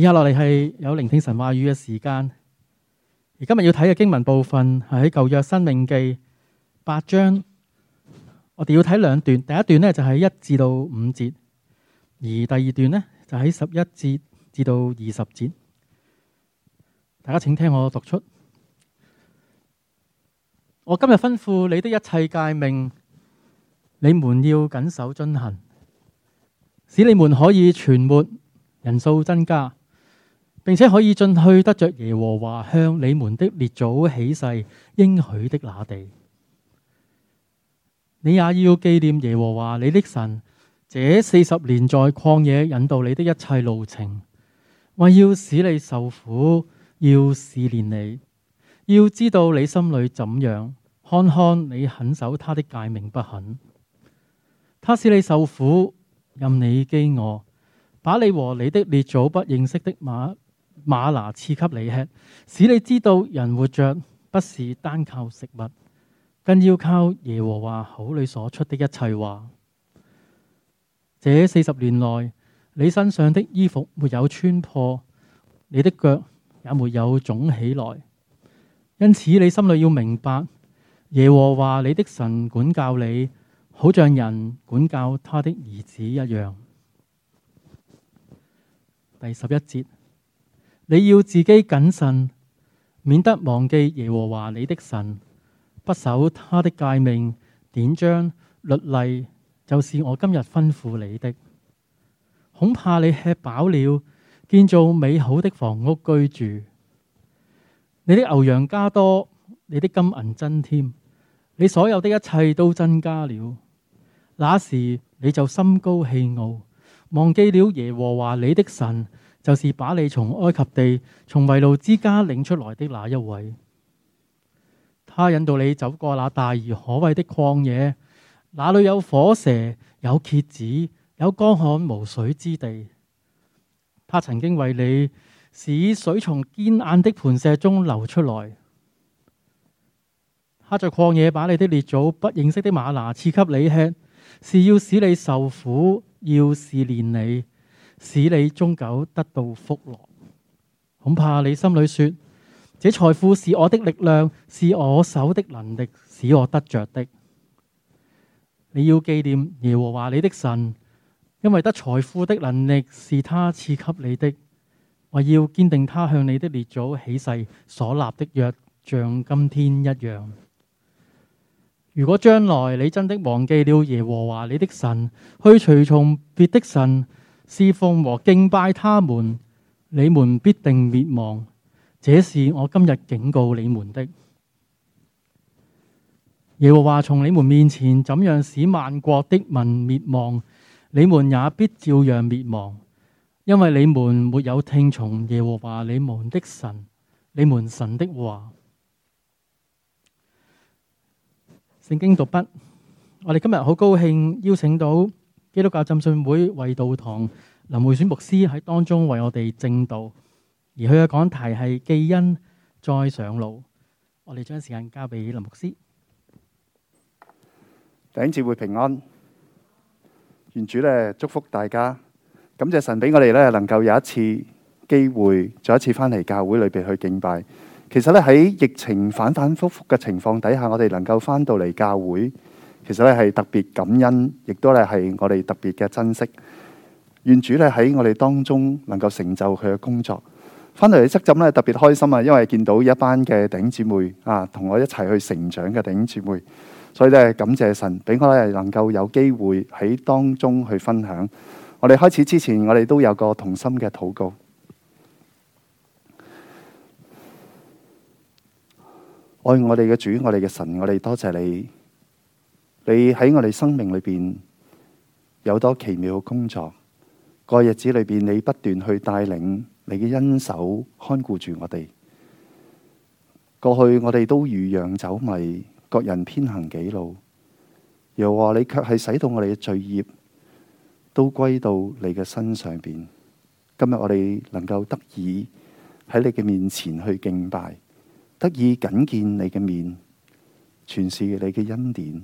以下落嚟係有聆聽神話語嘅時間。而今日要睇嘅經文部分係喺舊約申命記八章，我哋要睇兩段。第一段呢就係一至到五節，而第二段呢就喺十一節至到二十節。大家請聽我的讀出。我今日吩咐你的一切誡命，你們要謹守遵行，使你們可以存活，人數增加。並且可以進去得着耶和華向你們的列祖起誓應許的那地。你也要紀念耶和華你的神，這四十年在曠野引導你的一切路程，為要使你受苦，要試煉你，要知道你心裏怎樣，看看你肯守他的誡命不肯，他使你受苦，任你飢餓，把你和你的列祖不認識的馬。嗎哪賜給你吃，使你知道人活着不是單靠食物，更要靠耶和華口裏所出的一切話。這四十年內，你身上的衣服沒有穿破，你的腳也沒有腫起來，因此你心裏要明白，耶和華你的神管教你，好像人管教他的兒子一樣。第十一節。你要自己謹慎，免得忘記耶和華你的神，不守他的誡命、典章、律例，就是我今日吩咐你的。恐怕你吃飽了，建造美好的房屋居住，你的牛羊加多，你的金銀增添，你所有的一切都增加了。那時你就心高氣傲，忘記了耶和華你的神。就是把你從埃及地、從為奴之家領出來的那一位，他引導你走過那大而可畏的曠野，那裏有火蛇、有蠍子、有乾旱無水之地。他曾經為你使水從堅硬的磐石中流出來。他在曠野把你的列祖不認識的嗎哪賜給你吃，是要使你受苦，要試煉你。使你終久得到福樂，恐怕你心裏說：這財富是我的力量，是我手的能力，使我得着的。你要紀念耶和華你的神，因為得財富的能力是他賜給你的。我要堅定他向你的列祖起誓所立的約，像今天一樣。如果將來你真的忘記了耶和華你的神，去隨從別的神，侍奉和敬拜他們，你們必定滅亡。這是我今日警告你們的。耶和華從你們面前怎樣使萬國的民滅亡，你們也必照樣滅亡，因為你們沒有聽從耶和華你們的神、你們神的話。聖經讀畢，我哋今日好高興邀請到。基督教浸信會惠道堂林會選牧師喺當中為我哋證道，而佢嘅講題係《既恩再上路》。我哋將時間交俾林牧師。弟兄姊妹平安，願主咧祝福大家。感謝神俾我哋咧能夠有一次機會，再一次翻嚟教會裏面去敬拜。其實咧喺疫情反反复复嘅情況底下，我哋能夠翻到嚟教會。其實咧係特別感恩，亦都咧係我哋特別嘅珍惜。願主咧喺我哋當中能夠成就佢嘅工作。翻嚟嘅執浸咧特別開心啊，因為見到一班嘅弟兄姊妹啊，同我一齊去成長嘅弟兄姊妹，所以咧感謝神俾我哋能夠有機會喺當中去分享。我哋開始之前，我哋都有個同心嘅禱告。愛我哋嘅主，我哋嘅神，我哋多謝你。你喺我哋生命裏邊有多奇妙嘅工作。過日子裏邊，你不斷去帶領，你嘅恩手看顧住我哋。過去我哋都如羊走迷，各人偏行己路，又話你卻係使到我哋嘅罪孽都歸到你嘅身上邊。今日我哋能夠得以喺你嘅面前去敬拜，得以緊見你嘅面，全是你嘅恩典。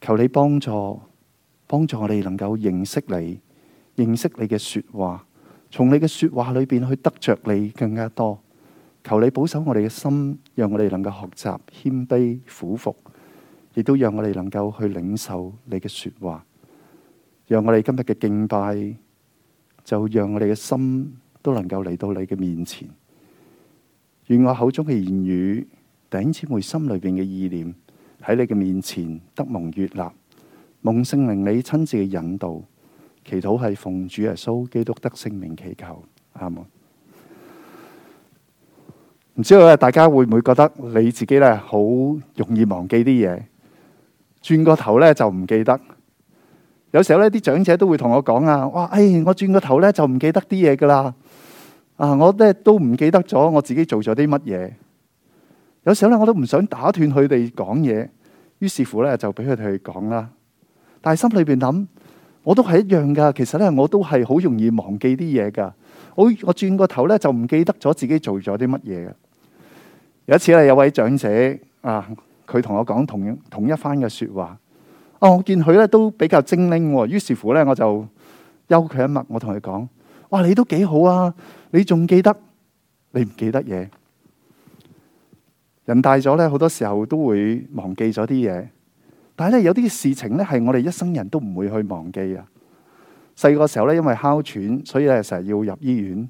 求你幫助，幫助我哋能夠認識你，認識你嘅說話，從你嘅說話裏邊去得着你更加多。求你保守我哋嘅心，讓我哋能夠學習謙卑俯服，亦都讓我哋能夠去領受你嘅說話。讓我哋今日嘅敬拜，就讓我哋嘅心都能夠嚟到你嘅面前。願我口中嘅言語頂起我心裏邊嘅意念。喺你嘅面前，得蒙悅納，蒙聖靈你親自嘅引導。祈禱係奉主耶穌基督得聖名祈求，阿門。唔知道咧，大家會唔會覺得你自己咧好容易忘記啲嘢，轉個頭咧就唔記得？有時候呢啲長者都會同我講啊，哇，哎，我轉個頭咧就唔記得啲嘢噶啦，啊，我咧都唔記得咗我自己做咗啲乜嘢。有時候咧，我都唔想打斷佢哋講嘢，於是乎咧就俾佢哋講啦。但係心裏邊諗，我都係一樣噶。其實咧，我都係好容易忘記啲嘢噶。我我轉個頭咧就唔記得咗自己做咗啲乜嘢嘅。有一次咧，有位長者啊，佢同我講同同一番嘅説話。啊，我見佢咧都比較精靈，於是乎咧我就休佢一脈。我同佢講：「哇，你都幾好啊！你仲記得你唔記得嘢？人大咗咧，好多時候都會忘記咗啲嘢，但係咧有啲事情咧係我哋一生人都唔會去忘記啊。細個時候咧，因為哮喘，所以咧成日要入醫院，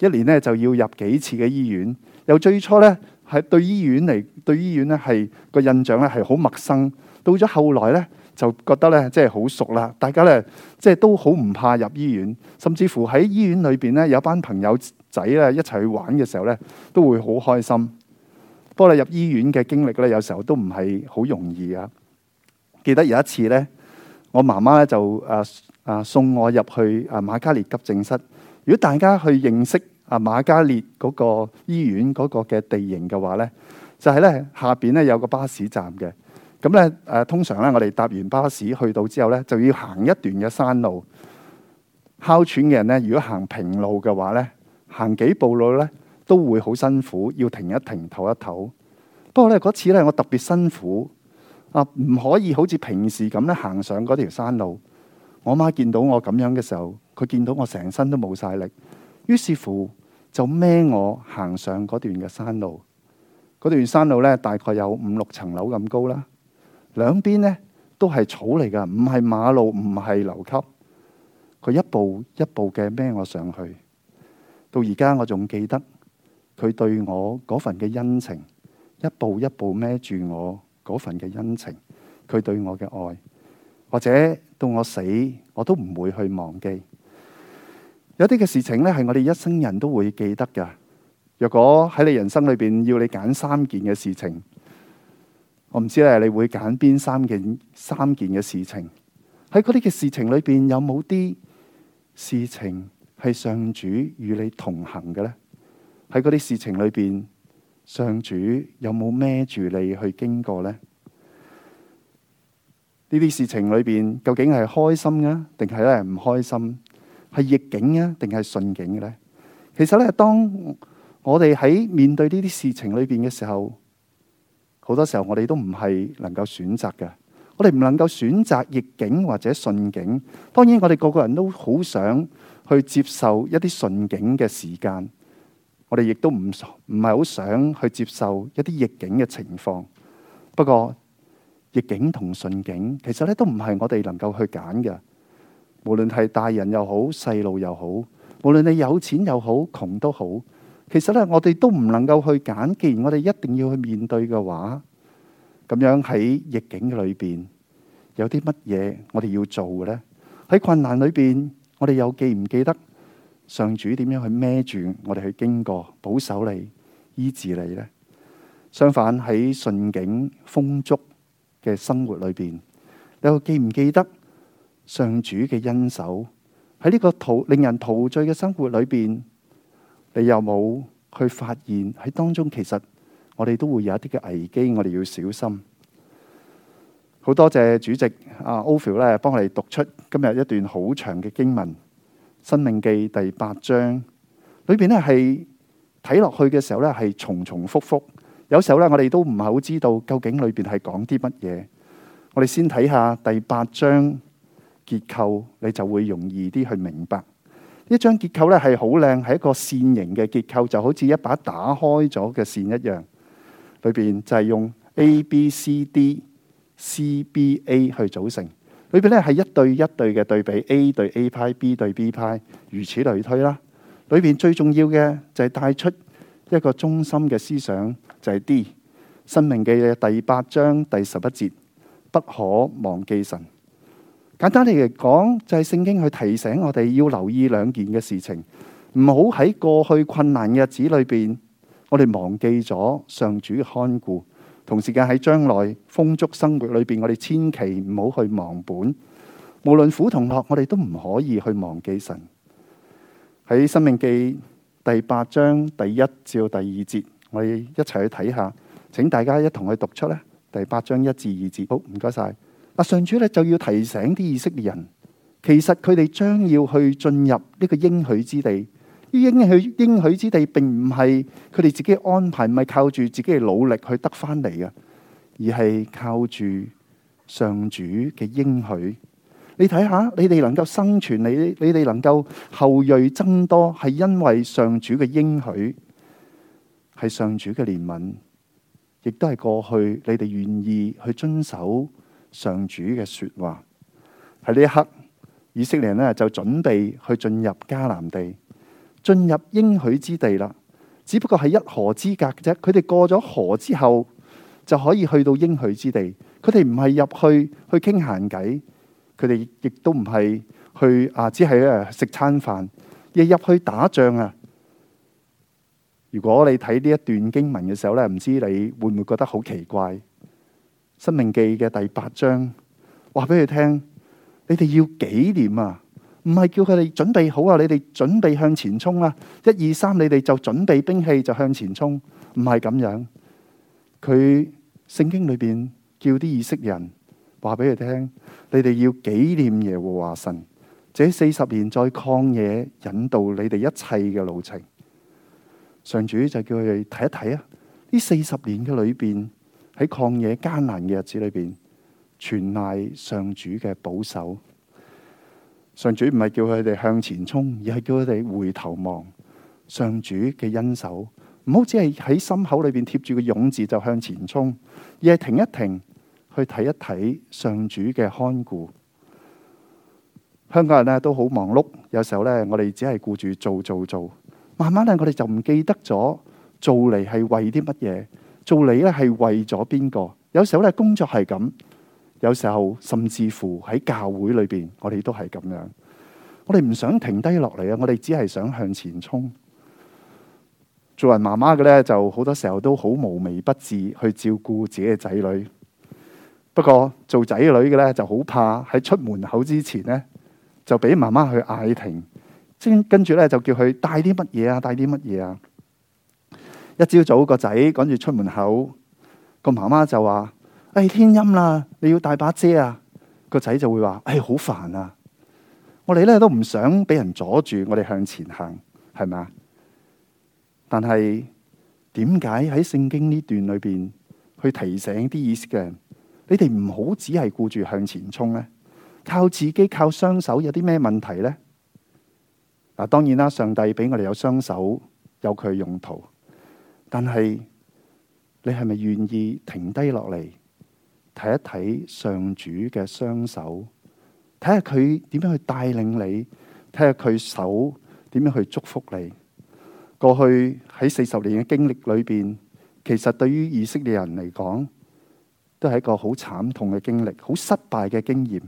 一年咧就要入幾次嘅醫院。由最初咧係對醫院嚟，對醫院咧係個印象咧係好陌生。到咗後來咧就覺得咧即係好熟啦，大家咧即係都好唔怕入醫院，甚至乎喺醫院裏邊咧有一班朋友仔咧一齊去玩嘅時候咧都會好開心。不過入醫院嘅經歷咧，有時候都唔係好容易啊！記得有一次咧，我媽媽咧就啊啊送我入去啊瑪嘉烈急症室。如果大家去認識啊瑪嘉烈嗰個醫院嗰個嘅地形嘅話咧，就係咧下面咧有個巴士站嘅。咁咧誒，通常咧我哋搭完巴士去到之後咧，就要行一段嘅山路。哮喘嘅人咧，如果行平路嘅話咧，行幾步路咧，都會好辛苦，要停一停、唞一唞。不過咧，嗰次咧，我特別辛苦啊，唔可以好似平時咁咧行上嗰條山路。我媽見到我咁樣嘅時候，佢見到我成身都冇晒力，於是乎就孭我行上嗰段嘅山路。嗰段山路咧，大概有五六層樓咁高啦，兩邊呢，都係草嚟㗎，唔係馬路，唔係樓級。佢一步一步嘅孭我上去，到而家我仲記得。佢對我嗰份嘅恩情，一步一步孭住我嗰份嘅恩情，佢對我嘅愛，或者到我死我都唔會去忘記。有啲嘅事情呢，係我哋一生人都會記得噶。若果喺你人生裏邊要你揀三件嘅事情，我唔知咧你會揀邊三件？三件嘅事情喺嗰啲嘅事情裏邊，有冇啲事情係上主與你同行嘅呢？喺嗰啲事情裏邊，上主有冇孭住你去經過呢？呢啲事情裏邊究竟係開心啊，定係咧唔開心？係逆境啊，定係順境嘅咧？其實咧，當我哋喺面對呢啲事情裏邊嘅時候，好多時候我哋都唔係能夠選擇嘅。我哋唔能夠選擇逆境或者順境。當然，我哋個個人都好想去接受一啲順境嘅時間。我哋亦都唔唔係好想去接受一啲逆境嘅情況，不過逆境同順境其實咧都唔係我哋能夠去揀嘅。無論係大人又好，細路又好，無論你有錢又好，窮都好，其實咧我哋都唔能夠去揀。既然我哋一定要去面對嘅話，咁樣喺逆境裏邊有啲乜嘢我哋要做嘅呢？喺困難裏邊，我哋又記唔記得？上主點樣去孭住我哋去經過，保守你，醫治你呢？相反喺順境豐足嘅生活裏邊，你又記唔記得上主嘅恩手喺呢個陶令人陶醉嘅生活裏邊，你又冇去發現喺當中其實我哋都會有一啲嘅危機，我哋要小心。好多謝主席阿 Ophel 咧，幫我哋讀出今日一段好長嘅經文。《申命記》第八章裏邊咧係睇落去嘅時候咧係重重複复，有時候咧我哋都唔係好知道究竟裏邊係講啲乜嘢。我哋先睇下第八章結構，你就會容易啲去明白。呢張結構咧係好靚，係一個扇形嘅結構，就好似一把打開咗嘅扇一樣。裏邊就係用 A、B、C、D、C、B、A 去組成。裏邊咧係一對一對嘅對比，A 對 A 派，B 對 B 派，如此類推啦。裏邊最重要嘅就係帶出一個中心嘅思想，就係、是、D。申命記嘅第八章第十一節，不可忘記神。簡單嚟講，就係、是、聖經去提醒我哋要留意兩件嘅事情，唔好喺過去困難嘅日子裏邊，我哋忘記咗上主看顧。同時間喺將來豐足生活裏邊，我哋千祈唔好去忘本。無論苦同樂，我哋都唔可以去忘記神。喺《生命記》第八章第一至到第二節，我哋一齊去睇下。請大家一同去讀出咧，第八章一至二節。好，唔該晒。嗱，上主咧就要提醒啲以色列人，其實佢哋將要去進入呢個應許之地。應許應許之地，並唔係佢哋自己安排，唔係靠住自己嘅努力去得翻嚟嘅，而係靠住上主嘅應許。你睇下，你哋能夠生存，你你哋能夠後裔增多，係因為上主嘅應許，係上主嘅憐憫，亦都係過去你哋願意去遵守上主嘅說話。喺呢一刻，以色列人呢就準備去進入迦南地。進入應許之地啦，只不過係一河之隔啫。佢哋過咗河之後，就可以去到應許之地。佢哋唔係入去去傾閒偈，佢哋亦都唔係去啊，只係食餐飯，亦入去打仗啊。如果你睇呢一段經文嘅時候咧，唔知你會唔會覺得好奇怪？《申命記》嘅第八章，話俾佢聽：，你哋要紀念啊！唔係叫佢哋準備好啊！你哋準備向前衝啦！一二三，你哋就準備兵器就向前衝，唔係咁樣。佢聖經裏邊叫啲以色列人話俾佢聽：，你哋要紀念耶和華神，這四十年在曠野引導你哋一切嘅路程。上主就叫佢哋睇一睇啊！呢四十年嘅裏邊，喺曠野艱難嘅日子裏邊，全賴上主嘅保守。上主唔係叫佢哋向前衝，而係叫佢哋回頭望上主嘅恩手。唔好只係喺心口裏面貼住個勇字就向前衝，而係停一停去睇一睇上主嘅看顧。香港人呢都好忙碌，有時候呢我哋只係顧住做做做，做，慢慢呢我哋就唔記得咗做嚟係為啲乜嘢，做嚟呢係為咗邊個？有時候呢工作係咁。有時候甚至乎喺教會裏邊，我哋都係咁樣。我哋唔想停低落嚟啊！我哋只係想向前衝。做人媽媽嘅咧，就好多時候都好無微不至去照顧自己嘅仔女。不過做仔女嘅咧，就好怕喺出門口之前呢，就俾媽媽去嗌停。先跟住咧就叫佢帶啲乜嘢啊，帶啲乜嘢啊。一朝早個仔趕住出門口，個媽媽就話。哎，天陰啦，你要帶把遮啊！個仔就會話：哎，好煩啊！我哋咧都唔想俾人阻住，我哋向前行，係咪啊？但係點解喺聖經呢段裏邊去提醒啲意思嘅？你哋唔好只係顧住向前衝呢，靠自己靠雙手有啲咩問題呢？嗱，當然啦，上帝俾我哋有雙手有佢嘅用途，但係你係咪願意停低落嚟？睇一睇上主嘅雙手，睇下佢點樣去帶領你，睇下佢手點樣去祝福你。過去喺四十年嘅經歷裏邊，其實對於以色列人嚟講，都係一個好慘痛嘅經歷，好失敗嘅經驗。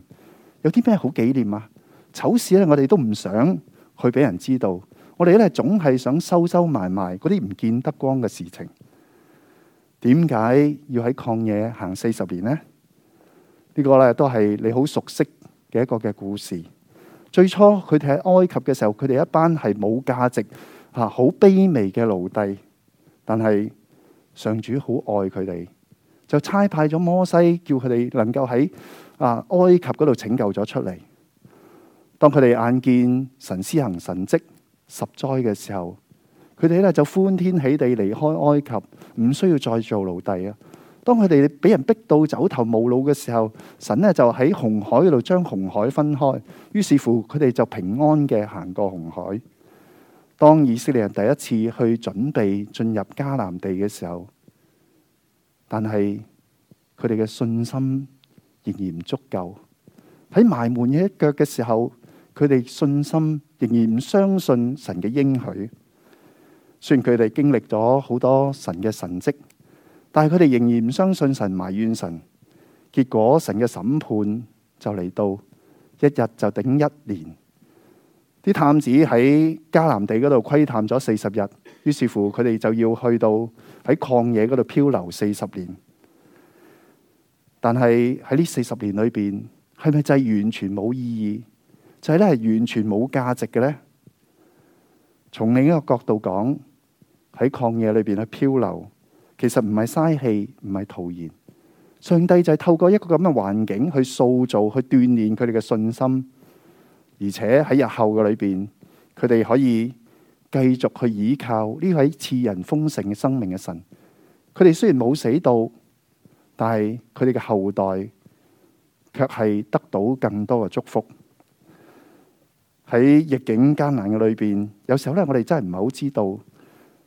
有啲咩好紀念啊？醜事咧，我哋都唔想去俾人知道。我哋咧總係想收收埋埋嗰啲唔見得光嘅事情。點解要喺曠野行四十年呢？呢、呢個咧都係你好熟悉嘅一個嘅故事。最初佢哋喺埃及嘅時候，佢哋一班係冇價值吓、好卑微嘅奴隸。但係上主好愛佢哋，就差派咗摩西，叫佢哋能夠喺啊埃及嗰度拯救咗出嚟。當佢哋眼見神施行神跡、十災嘅時候。佢哋咧就歡天喜地離開埃及，唔需要再做奴隸啊！當佢哋俾人逼到走投無路嘅時候，神呢就喺紅海嗰度將紅海分開，於是乎佢哋就平安嘅行過紅海。當以色列人第一次去準備進入迦南地嘅時候，但係佢哋嘅信心仍然唔足夠。喺埋門一腳嘅時候，佢哋信心仍然唔相信神嘅應許。雖然佢哋經歷咗好多神嘅神蹟，但係佢哋仍然唔相信神，埋怨神，結果神嘅審判就嚟到，一日就頂一年。啲探子喺迦南地嗰度窺探咗四十日，於是乎佢哋就要去到喺曠野嗰度漂流四十年。但係喺呢四十年裏邊，係咪真係完全冇意義？就係咧，係完全冇價值嘅呢。從另一個角度講。喺曠野裏邊去漂流，其實唔係嘥氣，唔係徒然。上帝就係透過一個咁嘅環境去塑造，去鍛煉佢哋嘅信心，而且喺日後嘅裏邊，佢哋可以繼續去倚靠呢位賜人豐盛嘅生命嘅神。佢哋雖然冇死到，但係佢哋嘅後代卻係得到更多嘅祝福。喺逆境艱難嘅裏邊，有時候咧，我哋真係唔係好知道。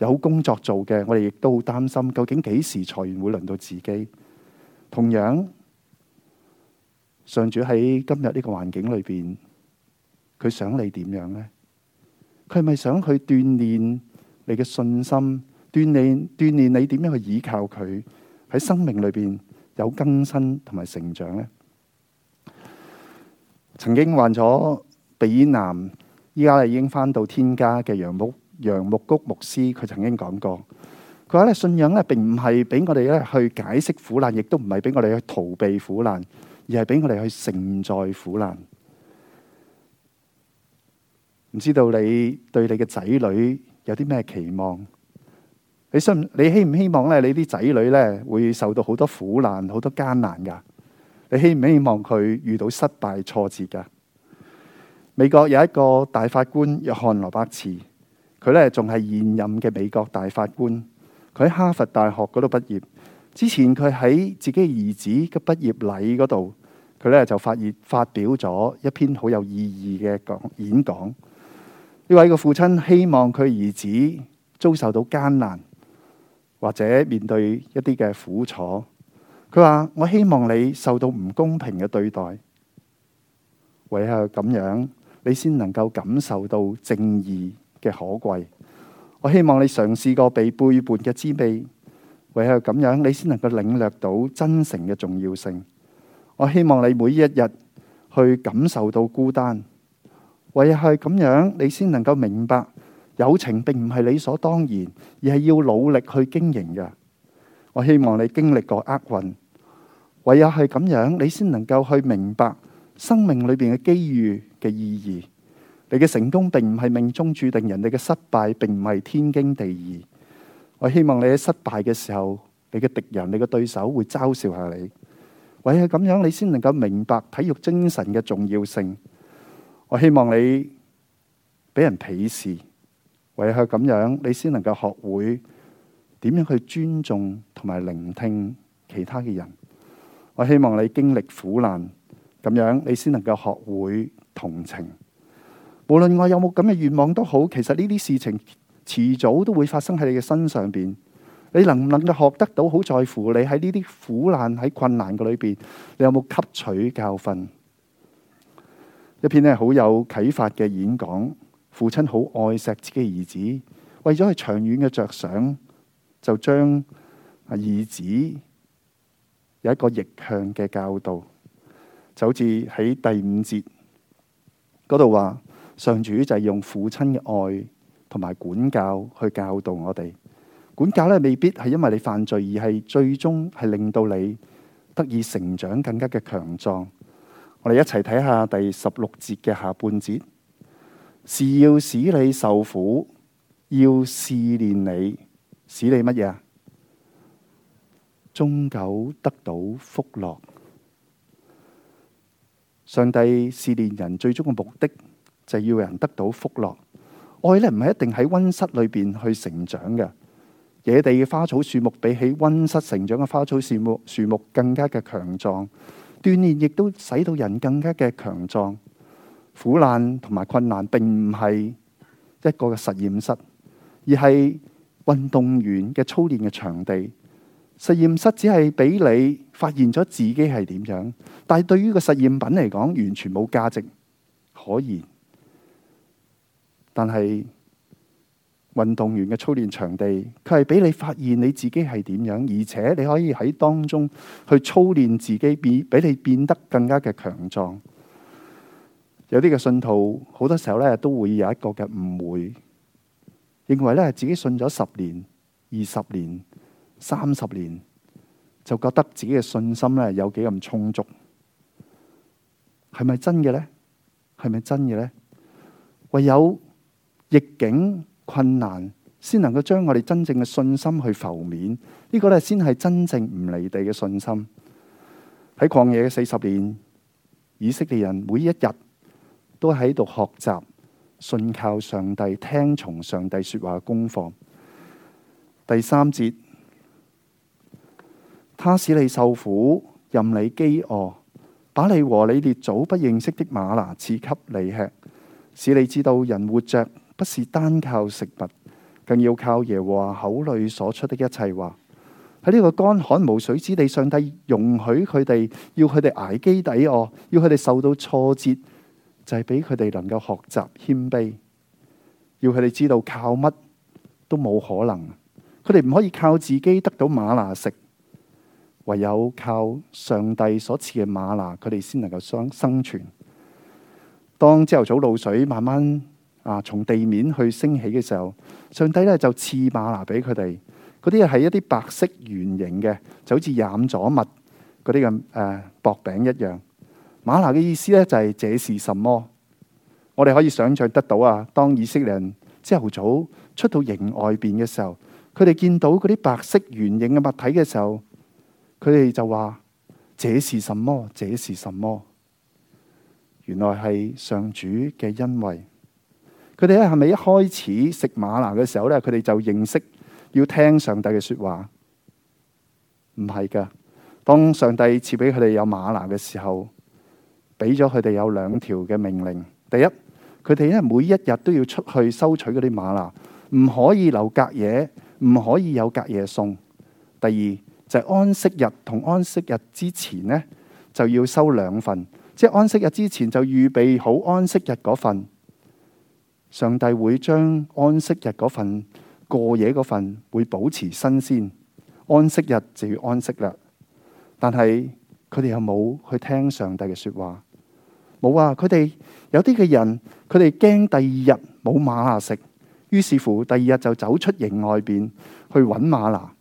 有工作做嘅，我哋亦都好擔心，究竟幾時裁員會輪到自己？同樣，上主喺今日呢個環境裏邊，佢想你點樣咧？佢係咪想去鍛煉你嘅信心，鍛煉鍛煉你點樣去依靠佢喺生命裏邊有更新同埋成長咧？曾經患咗鼻咽癌，依家咧已經返到天家嘅羊屋。楊木谷牧師佢曾經講過，佢話咧：信仰咧，並唔係俾我哋咧去解釋苦難，亦都唔係俾我哋去逃避苦難，而係俾我哋去承載苦難。唔知道你對你嘅仔女有啲咩期望？你信你希唔希望咧？你啲仔女咧會受到好多苦難、好多艱難噶？你希唔希望佢遇到失敗、挫折噶？美國有一個大法官約翰羅伯茨。佢咧仲係現任嘅美國大法官，佢喺哈佛大學嗰度畢業。之前佢喺自己兒子嘅畢業禮嗰度，佢咧就發言發表咗一篇好有意義嘅講演講。呢位個父親希望佢兒子遭受到艱難，或者面對一啲嘅苦楚。佢話：我希望你受到唔公平嘅對待，唯有咁樣，你先能夠感受到正義嘅可貴，我希望你嘗試過被背叛嘅滋味，唯有咁樣你先能夠領略到真誠嘅重要性。我希望你每一日去感受到孤單，唯有係咁樣你先能夠明白友情並唔係理所當然，而係要努力去經營嘅。我希望你經歷過厄運，唯有係咁樣你先能夠去明白生命裏邊嘅機遇嘅意義。你嘅成功並唔係命中注定人，人哋嘅失敗並唔係天經地義。我希望你喺失敗嘅時候，你嘅敵人、你嘅對手會嘲笑下你，唯有咁樣你先能夠明白體育精神嘅重要性。我希望你俾人鄙視，唯有咁樣你先能夠學會點樣去尊重同埋聆聽其他嘅人。我希望你經歷苦難，咁樣你先能夠學會同情。無論我有冇咁嘅願望都好，其實呢啲事情遲早都會發生喺你嘅身上邊。你能唔能夠學得到？好在乎你喺呢啲苦難、喺困難嘅裏邊，你有冇吸取教訓？一篇咧好有啟發嘅演講，父親好愛錫自己兒子，為咗係長遠嘅着想，就將阿兒子有一個逆向嘅教導，就好似喺第五節嗰度話。上主就係用父親嘅愛同埋管教去教導我哋，管教咧未必係因為你犯罪而係，最終係令到你得以成長更加嘅強壯。我哋一齊睇下第十六節嘅下半節，是要使你受苦，要試煉你，使你乜嘢啊？終久得到福樂。上帝試煉人最終嘅目的。就要人得到福樂，愛咧唔係一定喺溫室裏邊去成長嘅。野地嘅花草樹木比起溫室成長嘅花草樹木樹木更加嘅強壯，鍛煉亦都使到人更加嘅強壯。苦難同埋困難並唔係一個嘅實驗室，而係運動員嘅操練嘅場地。實驗室只係俾你發現咗自己係點樣，但係對於個實驗品嚟講，完全冇價值可言。但係運動員嘅操練場地，佢係俾你發現你自己係點樣，而且你可以喺當中去操練自己，變俾你變得更加嘅強壯。有啲嘅信徒，好多時候咧都會有一個嘅誤會，認為咧自己信咗十年、二十年、三十年，就覺得自己嘅信心咧有幾咁充足，係咪真嘅呢？係咪真嘅呢？唯有。逆境困難，先能夠將我哋真正嘅信心去浮面，呢個呢，先係真正唔離地嘅信心。喺曠野嘅四十年，以色列人每一日都喺度學習信靠上帝、聽從上帝說話嘅功課。第三節，他使你受苦，任你飢餓，把你和你列祖不認識的馬拿賜給你吃，使你知道人活着，不是單靠食物，更要靠耶和華口裏所出的一切話。喺呢個乾旱無水之地上，上帝容許佢哋，要佢哋捱饑抵餓，要佢哋受到挫折，就係俾佢哋能夠學習謙卑。要佢哋知道靠乜都冇可能，佢哋唔可以靠自己得到馬拿食，唯有靠上帝所賜嘅馬拿，佢哋先能夠生生存。當朝頭早露水慢慢啊！從地面去升起嘅時候，上帝咧就賜馬拿俾佢哋。嗰啲係一啲白色圓形嘅，就好似染咗蜜嗰啲咁誒薄餅一樣。馬拿嘅意思咧就係、是、這是什麼？我哋可以想像得到啊！當以色列人朝頭早出到營外邊嘅時候，佢哋見到嗰啲白色圓形嘅物體嘅時候，佢哋就話這是什麼？這是什麼？原來係上主嘅恩惠。佢哋咧係咪一開始食馬拿嘅時候咧，佢哋就認識要聽上帝嘅說話？唔係噶，當上帝賜俾佢哋有馬拿嘅時候，俾咗佢哋有兩條嘅命令：第一，佢哋因為每一日都要出去收取嗰啲馬拿，唔可以留隔夜，唔可以有隔夜餸；第二，就係安息日同安息日之前咧就要收兩份，即係安息日之前就預備好安息日嗰份。上帝會將安息日嗰份過夜嗰份會保持新鮮。安息日就要安息啦。但係佢哋又冇去聽上帝嘅説話，冇啊！佢哋有啲嘅人，佢哋驚第二日冇嗎哪食，於是乎第二日就走出營外邊去揾嗎哪。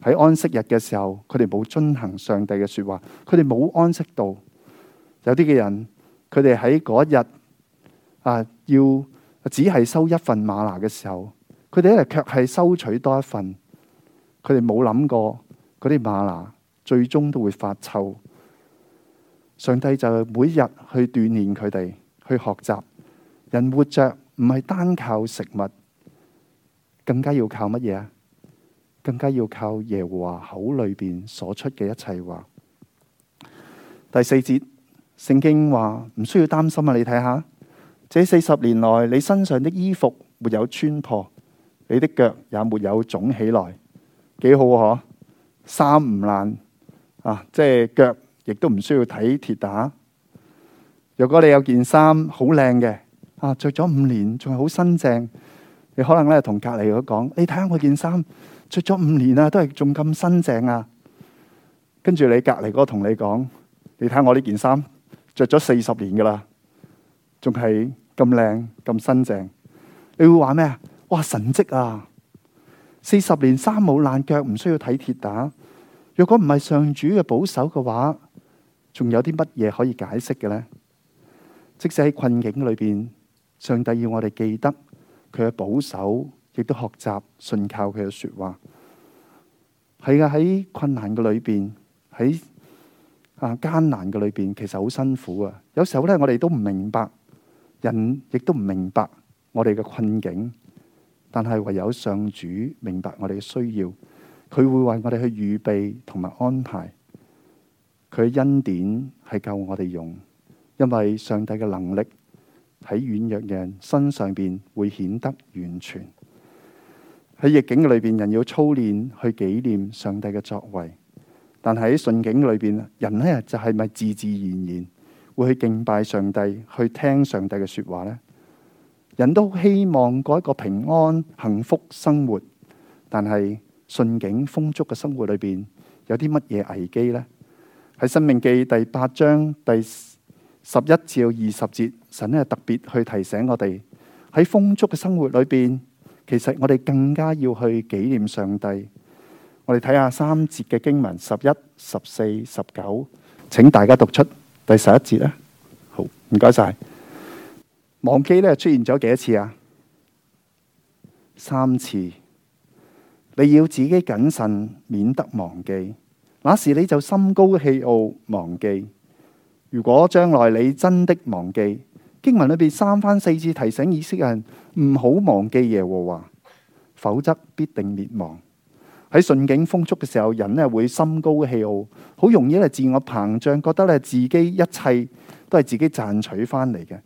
喺安息日嘅時候，佢哋冇遵行上帝嘅説話，佢哋冇安息到。有啲嘅人，佢哋喺嗰日啊要，只係收一份馬拿嘅時候，佢哋一日卻係收取多一份。佢哋冇諗過，嗰啲馬拿最終都會發臭。上帝就每日去鍛煉佢哋，去學習。人活着唔係單靠食物，更加要靠乜嘢？更加要靠耶和華口裏面所出嘅一切話。第四節聖經話，唔需要擔心啊！你睇下。這四十年來，你身上的衣服沒有穿破，你的腳也沒有腫起來，幾好嗬！衫唔爛啊，即係腳亦都唔需要睇鐵打。如果你有件衫好靚嘅啊，着咗五年仲係好新淨，你可能咧同隔籬嗰講，你睇下我件衫着咗五年啊，都係仲咁新淨啊。跟住你隔籬嗰同你講，你睇下我呢件衫着咗四十年噶啦，仲係。咁靚咁新淨，你會話咩？哇！神蹟啊！四十年三冇爛腳，唔需要睇鐵打。若果唔係上主嘅保守嘅話，仲有啲乜嘢可以解釋嘅呢？即使喺困境裏邊，上帝要我哋記得佢嘅保守，亦都學習信靠佢嘅說話。係啊，喺困難嘅裏邊，喺啊艱難嘅裏邊，其實好辛苦啊！有時候咧，我哋都唔明白。人亦都唔明白我哋嘅困境，但係唯有上主明白我哋嘅需要，佢會為我哋去預備同埋安排，佢嘅恩典係夠我哋用，因為上帝嘅能力喺軟弱嘅人身上邊會顯得完全。喺逆境裏邊，人要操練去紀念上帝嘅作為；但喺順境裏邊，人呢就係咪自自然然？會去敬拜上帝，去聽上帝嘅說話咧。人都希望過一個平安、幸福生活，但係順境豐足嘅生活裏邊，有啲乜嘢危機咧？喺《申命記》第八章第十一至二十節，神咧特別去提醒我哋：喺豐足嘅生活裏邊，其實我哋更加要去紀念上帝。我哋睇下三節嘅經文：十一、十四、十九。請大家讀出。第十一節啦，好唔該晒。謝謝。忘記咧出現咗幾多次啊？三次。你要自己謹慎，免得忘記。那時你就心高氣傲忘記。如果將來你真的忘記，經文裏邊三番四次提醒以色列人唔好忘記耶和華，否則必定滅亡。喺順境豐足嘅時候，人咧會心高氣傲，好容易咧自我膨脹，覺得咧自己一切都係自己賺取翻嚟嘅，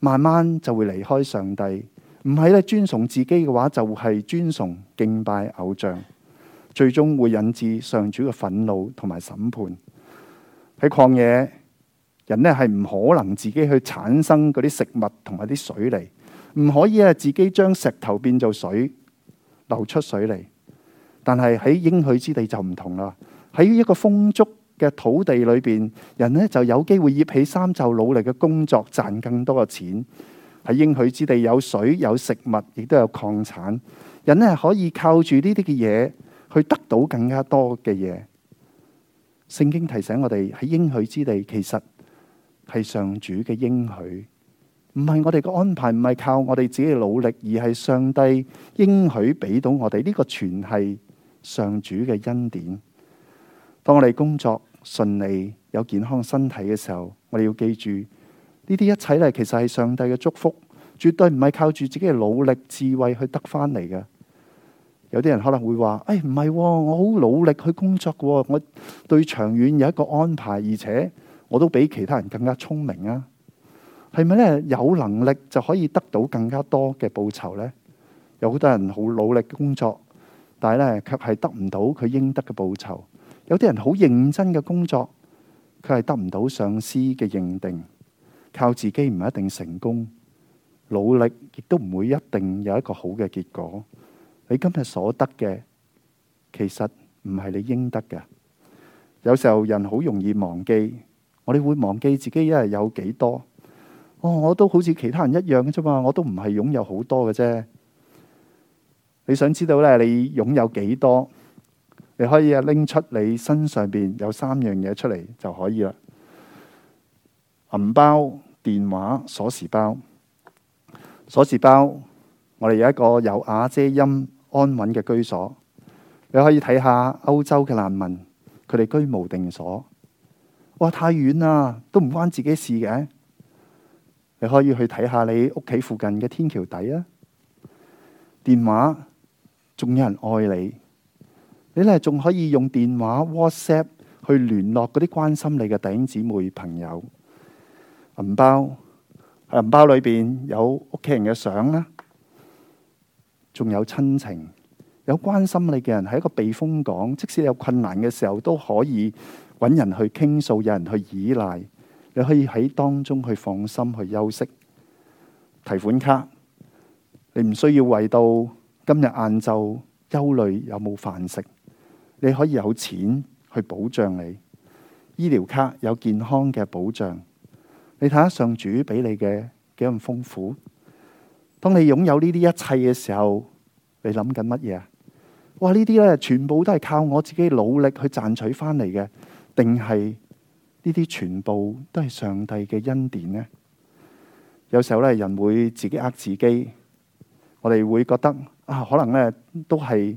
慢慢就會離開上帝。唔係咧尊崇自己嘅話，就係、是、尊崇敬拜偶像，最終會引致上主嘅憤怒同埋審判。喺曠野，人咧係唔可能自己去產生嗰啲食物同埋啲水嚟，唔可以啊自己將石頭變做水流出水嚟。但係喺應許之地就唔同啦，喺一個豐足嘅土地裏邊，人呢就有機會捋起衫袖努力嘅工作賺更多嘅錢。喺應許之地有水有食物，亦都有礦產，人咧可以靠住呢啲嘅嘢，去得到更加多嘅嘢。聖經提醒我哋喺應許之地，其實係上主嘅應許，唔係我哋嘅安排，唔係靠我哋自己嘅努力，而係上帝應許俾到我哋。呢個全係。上主嘅恩典，當我哋工作順利、有健康身體嘅時候，我哋要記住呢啲一切咧，其實係上帝嘅祝福，絕對唔係靠住自己嘅努力、智慧去得翻嚟嘅。有啲人可能會話：誒、哎，唔係喎，我好努力去工作喎，我對長遠有一個安排，而且我都比其他人更加聰明啊。係咪咧？有能力就可以得到更加多嘅報酬呢？有好多人好努力工作。但係咧，卻係得唔到佢應得嘅報酬。有啲人好認真嘅工作，佢係得唔到上司嘅認定。靠自己唔一定成功，努力亦都唔會一定有一個好嘅結果。你今日所得嘅，其實唔係你應得嘅。有時候人好容易忘記，我哋會忘記自己一日有幾多。哦，我都好似其他人一樣嘅啫嘛，我都唔係擁有好多嘅啫。你想知道咧，你擁有幾多？你可以拎出你身上邊有三樣嘢出嚟就可以啦。銀包、電話、鎖匙包。鎖匙包，我哋有一個有瓦遮陰、安穩嘅居所。你可以睇下歐洲嘅難民，佢哋居無定所。哇，太遠啦，都唔關自己事嘅。你可以去睇下你屋企附近嘅天橋底啊。電話。仲有人愛你，你哋仲可以用電話 WhatsApp 去聯絡嗰啲關心你嘅弟兄姊妹朋友。銀包，銀包裏邊有屋企人嘅相啦，仲有親情，有關心你嘅人係一個避風港。即使有困難嘅時候，都可以揾人去傾訴，有人去依賴，你可以喺當中去放心去休息。提款卡，你唔需要為到。今日晏晝憂慮有冇飯食？你可以有錢去保障你，醫療卡有健康嘅保障。你睇下上主俾你嘅幾咁豐富。當你擁有呢啲一切嘅時候，你諗緊乜嘢啊？哇！呢啲咧全部都係靠我自己努力去賺取翻嚟嘅，定係呢啲全部都係上帝嘅恩典呢？有時候咧，人會自己呃自己，我哋會覺得。可能咧都係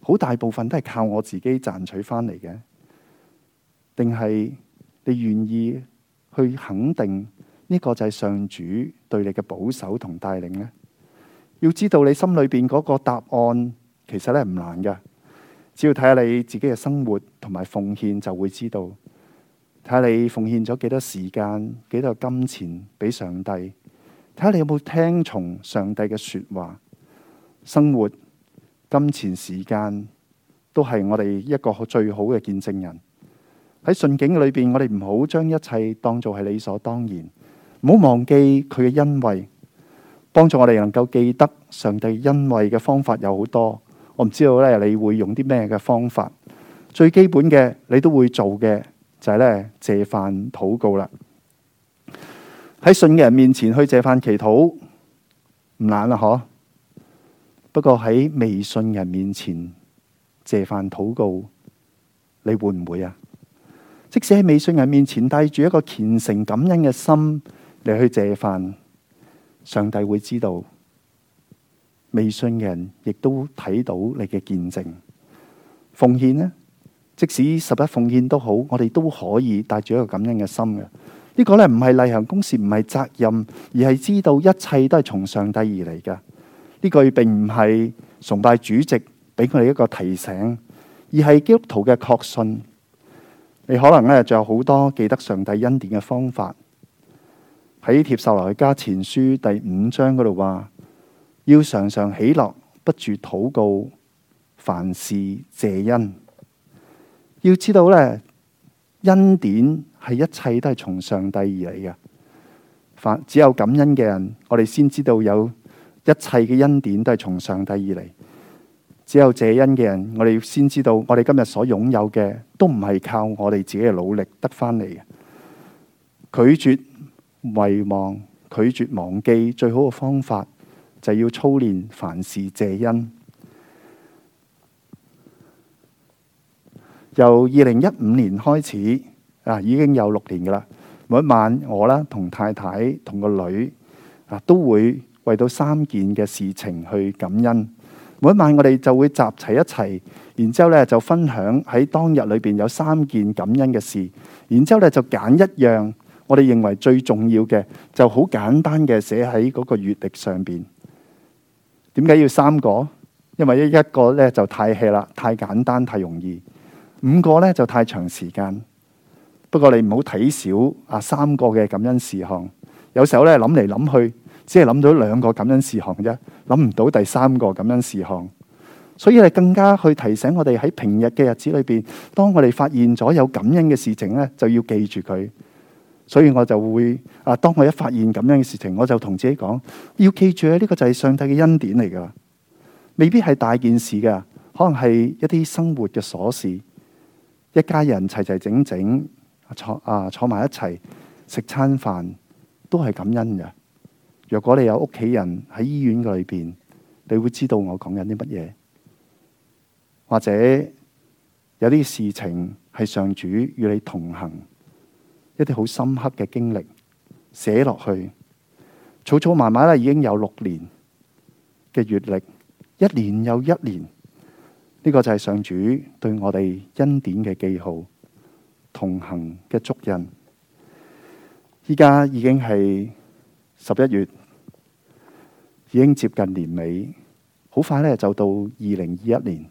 好大部分都係靠我自己賺取翻嚟嘅，定係你願意去肯定呢個就係上主對你嘅保守同帶領呢？要知道你心裏邊嗰個答案，其實咧唔難嘅，只要睇下你自己嘅生活同埋奉獻就會知道。睇下你奉獻咗幾多時間、幾多金錢俾上帝，睇下你有冇聽從上帝嘅說話。生活、金錢、時間都係我哋一個最好嘅見證人。喺順境裏邊，我哋唔好將一切當做係理所當然，唔好忘記佢嘅恩惠，幫助我哋能夠記得上帝恩惠嘅方法有好多。我唔知道咧，你會用啲咩嘅方法？最基本嘅你都會做嘅就係咧借飯禱告啦。喺信嘅人面前去借飯祈禱唔難啊！嗬～不過喺未信人面前謝飯禱告，你會唔會啊？即使喺未信人面前帶住一個虔誠感恩嘅心嚟去謝飯，上帝會知道。未信人亦都睇到你嘅見證。奉獻呢，即使十一奉獻都好，我哋都可以帶住一個感恩嘅心嘅。呢個咧唔係例行公事，唔係責任，而係知道一切都係從上帝而嚟嘅。呢句並唔係崇拜主席俾佢哋一個提醒，而係基督徒嘅確信。你可能咧仲有好多記得上帝恩典嘅方法。喺帖撒羅尼迦前書第五章嗰度話，要常常喜樂，不住禱告，凡事謝恩。要知道咧，恩典係一切都係從上帝而嚟嘅。凡只有感恩嘅人，我哋先知道有。一切嘅恩典都係從上帝而嚟，只有謝恩嘅人，我哋先知道我，我哋今日所擁有嘅都唔係靠我哋自己嘅努力得返嚟嘅。拒絕遺忘，拒絕忘記，最好嘅方法就要操練凡事謝恩。由二零一五年開始啊，已經有六年㗎喇。每一晚我啦同太太同個女啊都會。為到三件嘅事情去感恩，每一晚我哋就會集齊一齊，然之後咧，就分享喺當日裏邊有三件感恩嘅事，然之後咧，就揀一樣我哋認為最重要嘅，就好簡單嘅寫喺嗰個月曆上邊。點解要三個？因為一一個咧，就太 hea 啦，太簡單，太容易。五個咧，就太長時間。不過你唔好睇少啊，三個嘅感恩事項，有時候咧諗嚟諗去。只係諗到兩個感恩事項啫，諗唔到第三個感恩事項，所以你更加去提醒我哋喺平日嘅日子裏邊，當我哋發現咗有感恩嘅事情咧，就要記住佢。所以我就會啊，當我一發現咁樣嘅事情，我就同自己講，要記住咧，呢個就係上帝嘅恩典嚟噶啦，未必係大件事噶，可能係一啲生活嘅瑣事，一家人齊齊整整坐啊坐埋一齊食餐飯都係感恩嘅。若果你有屋企人喺醫院嘅裏邊，你會知道我講緊啲乜嘢？或者有啲事情係上主與你同行，一啲好深刻嘅經歷寫落去，草草麻麻啦，已經有六年嘅月曆，一年又一年，呢、這個就係上主對我哋恩典嘅記號，同行嘅足印。依家已經係十一月。已經接近年尾，好快咧就到二零二一年。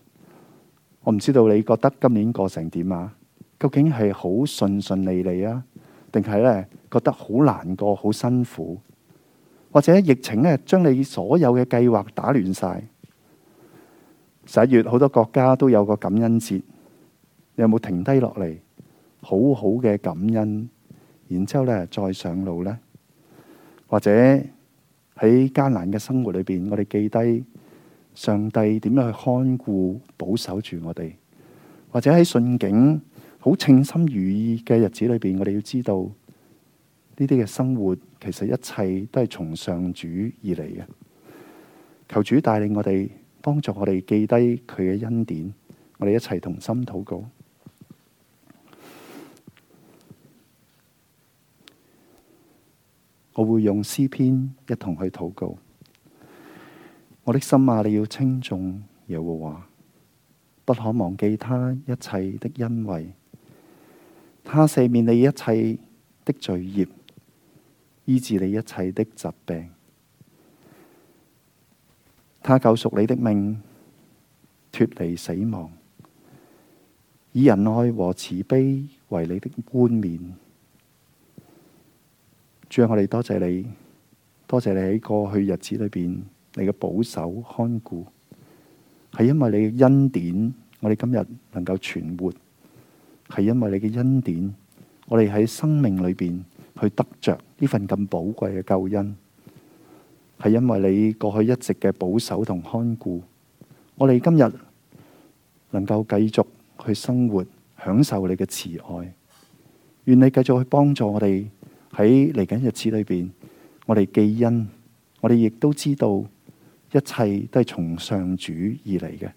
我唔知道你覺得今年過成點啊？究竟係好順順利利啊，定係咧覺得好難過、好辛苦，或者疫情咧將你所有嘅計劃打亂晒？十一月好多國家都有個感恩節，你有冇停低落嚟，好好嘅感恩，然之後咧再上路呢？或者？喺艱難嘅生活裏邊，我哋記低上帝點樣去看顧、保守住我哋，或者喺順境、好稱心如意嘅日子裏邊，我哋要知道呢啲嘅生活其實一切都係從上主而嚟嘅。求主帶領我哋，幫助我哋記低佢嘅恩典，我哋一齊同心禱告。我會用詩篇一同去禱告，我的心啊，你要稱頌耶和華，不可忘記他一切的恩惠，他赦免你一切的罪孽，醫治你一切的疾病，他救贖你的命，脱離死亡，以仁愛和慈悲為你的冠冕。主，我哋多謝你，多謝你喺過去日子裏邊你嘅保守看顧，係因為你嘅恩典，我哋今日能夠存活，係因為你嘅恩典，我哋喺生命裏邊去得着呢份咁寶貴嘅救恩，係因為你過去一直嘅保守同看顧，我哋今日能夠繼續去生活，享受你嘅慈愛，願你繼續去幫助我哋。喺嚟緊日子裏邊，我哋記恩，我哋亦都知道，一切都係從上主而嚟嘅。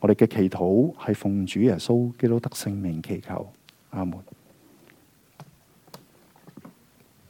我哋嘅祈禱係奉主耶穌基督嘅聖名祈求，阿門。